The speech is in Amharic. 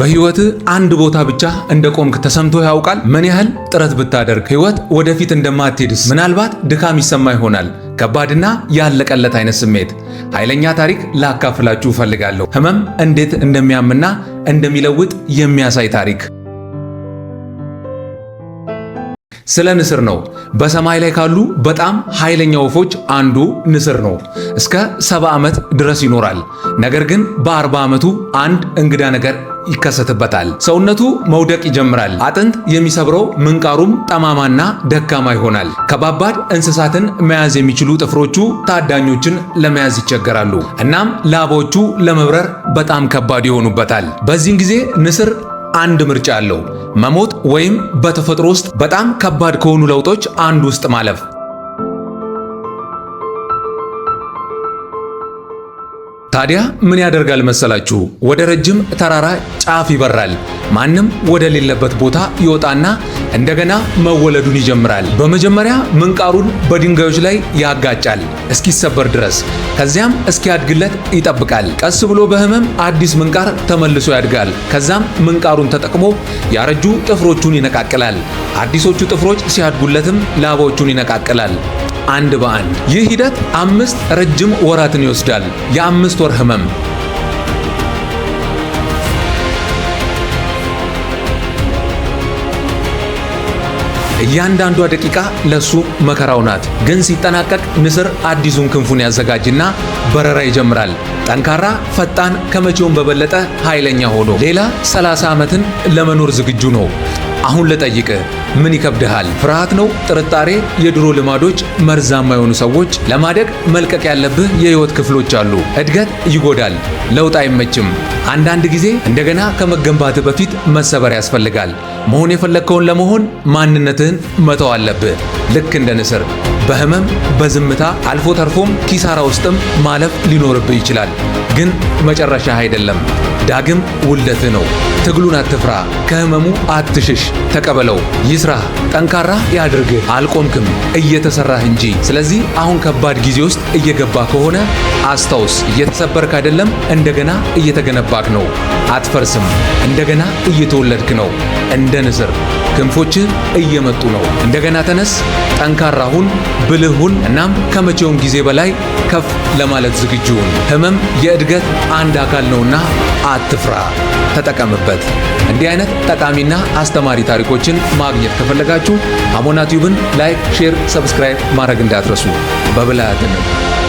በህይወት አንድ ቦታ ብቻ እንደ ቆምክ ተሰምቶ ያውቃል? ምን ያህል ጥረት ብታደርግ ህይወት ወደፊት እንደማትሄድስ ምናልባት ድካም ይሰማ ይሆናል። ከባድና ያለቀለት አይነት ስሜት ኃይለኛ ታሪክ ላካፍላችሁ እፈልጋለሁ። ህመም እንዴት እንደሚያምና እንደሚለውጥ የሚያሳይ ታሪክ ስለ ንስር ነው። በሰማይ ላይ ካሉ በጣም ኃይለኛ ወፎች አንዱ ንስር ነው። እስከ ሰባ ዓመት ድረስ ይኖራል። ነገር ግን በአርባ ዓመቱ አንድ እንግዳ ነገር ይከሰትበታል። ሰውነቱ መውደቅ ይጀምራል። አጥንት የሚሰብረው ምንቃሩም ጠማማና ደካማ ይሆናል። ከባባድ እንስሳትን መያዝ የሚችሉ ጥፍሮቹ ታዳኞችን ለመያዝ ይቸገራሉ። እናም ላባዎቹ ለመብረር በጣም ከባድ ይሆኑበታል። በዚህን ጊዜ ንስር አንድ ምርጫ አለው፣ መሞት ወይም በተፈጥሮ ውስጥ በጣም ከባድ ከሆኑ ለውጦች አንድ ውስጥ ማለፍ። ታዲያ ምን ያደርጋል መሰላችሁ? ወደ ረጅም ተራራ ጫፍ ይበራል። ማንም ወደሌለበት ቦታ ይወጣና እንደገና መወለዱን ይጀምራል። በመጀመሪያ ምንቃሩን በድንጋዮች ላይ ያጋጫል እስኪሰበር ድረስ። ከዚያም እስኪያድግለት ይጠብቃል። ቀስ ብሎ በህመም አዲስ ምንቃር ተመልሶ ያድጋል። ከዛም ምንቃሩን ተጠቅሞ ያረጁ ጥፍሮቹን ይነቃቅላል። አዲሶቹ ጥፍሮች ሲያድጉለትም ላባዎቹን ይነቃቅላል። አንድ በአንድ። ይህ ሂደት አምስት ረጅም ወራትን ይወስዳል። የአምስት ወር ህመም እያንዳንዷ ደቂቃ ለሱ መከራው ናት። ግን ሲጠናቀቅ ንስር አዲሱን ክንፉን ያዘጋጅና በረራ ይጀምራል። ጠንካራ፣ ፈጣን፣ ከመቼውም በበለጠ ኃይለኛ ሆኖ ሌላ 30 ዓመትን ለመኖር ዝግጁ ነው። አሁን ልጠይቅ ምን ይከብድሃል? ፍርሃት ነው? ጥርጣሬ? የድሮ ልማዶች? መርዛማ የሆኑ ሰዎች? ለማደግ መልቀቅ ያለብህ የህይወት ክፍሎች አሉ። እድገት ይጎዳል። ለውጥ አይመችም። አንዳንድ ጊዜ እንደገና ከመገንባት በፊት መሰበር ያስፈልጋል። መሆን የፈለግከውን ለመሆን ማንነትህን መተው አለብህ። ልክ እንደ ንስር በህመም በዝምታ አልፎ ተርፎም ኪሳራ ውስጥም ማለፍ ሊኖርብህ ይችላል። ግን መጨረሻህ አይደለም። ዳግም ውልደትህ ነው። ትግሉን አትፍራ፣ ከህመሙ አትሽሽ፣ ተቀበለው። ይስራ፣ ጠንካራ ያድርግህ። አልቆምክም እየተሰራህ እንጂ። ስለዚህ አሁን ከባድ ጊዜ ውስጥ እየገባ ከሆነ አስታውስ፣ እየተሰበርክ አይደለም፣ እንደገና እየተገነባክ ነው። አትፈርስም፣ እንደገና እየተወለድክ ነው። እንደ ንስር ክንፎችህ እየመጡ ነው። እንደገና ተነስ፣ ጠንካራ ሁን፣ ብልህ ሁን። እናም ከመቼውም ጊዜ በላይ ከፍ ለማለት ዝግጁ ሁን። ህመም የእድገት አንድ አካል ነውና አትፍራ፣ ተጠቀምበት። እንዲህ አይነት ጠቃሚና አስተማሪ ታሪኮችን ማግኘት ከፈለጋችሁ አሞና ቲዩብን ላይክ፣ ሼር፣ ሰብስክራይብ ማድረግ እንዳትረሱ። በብልሃት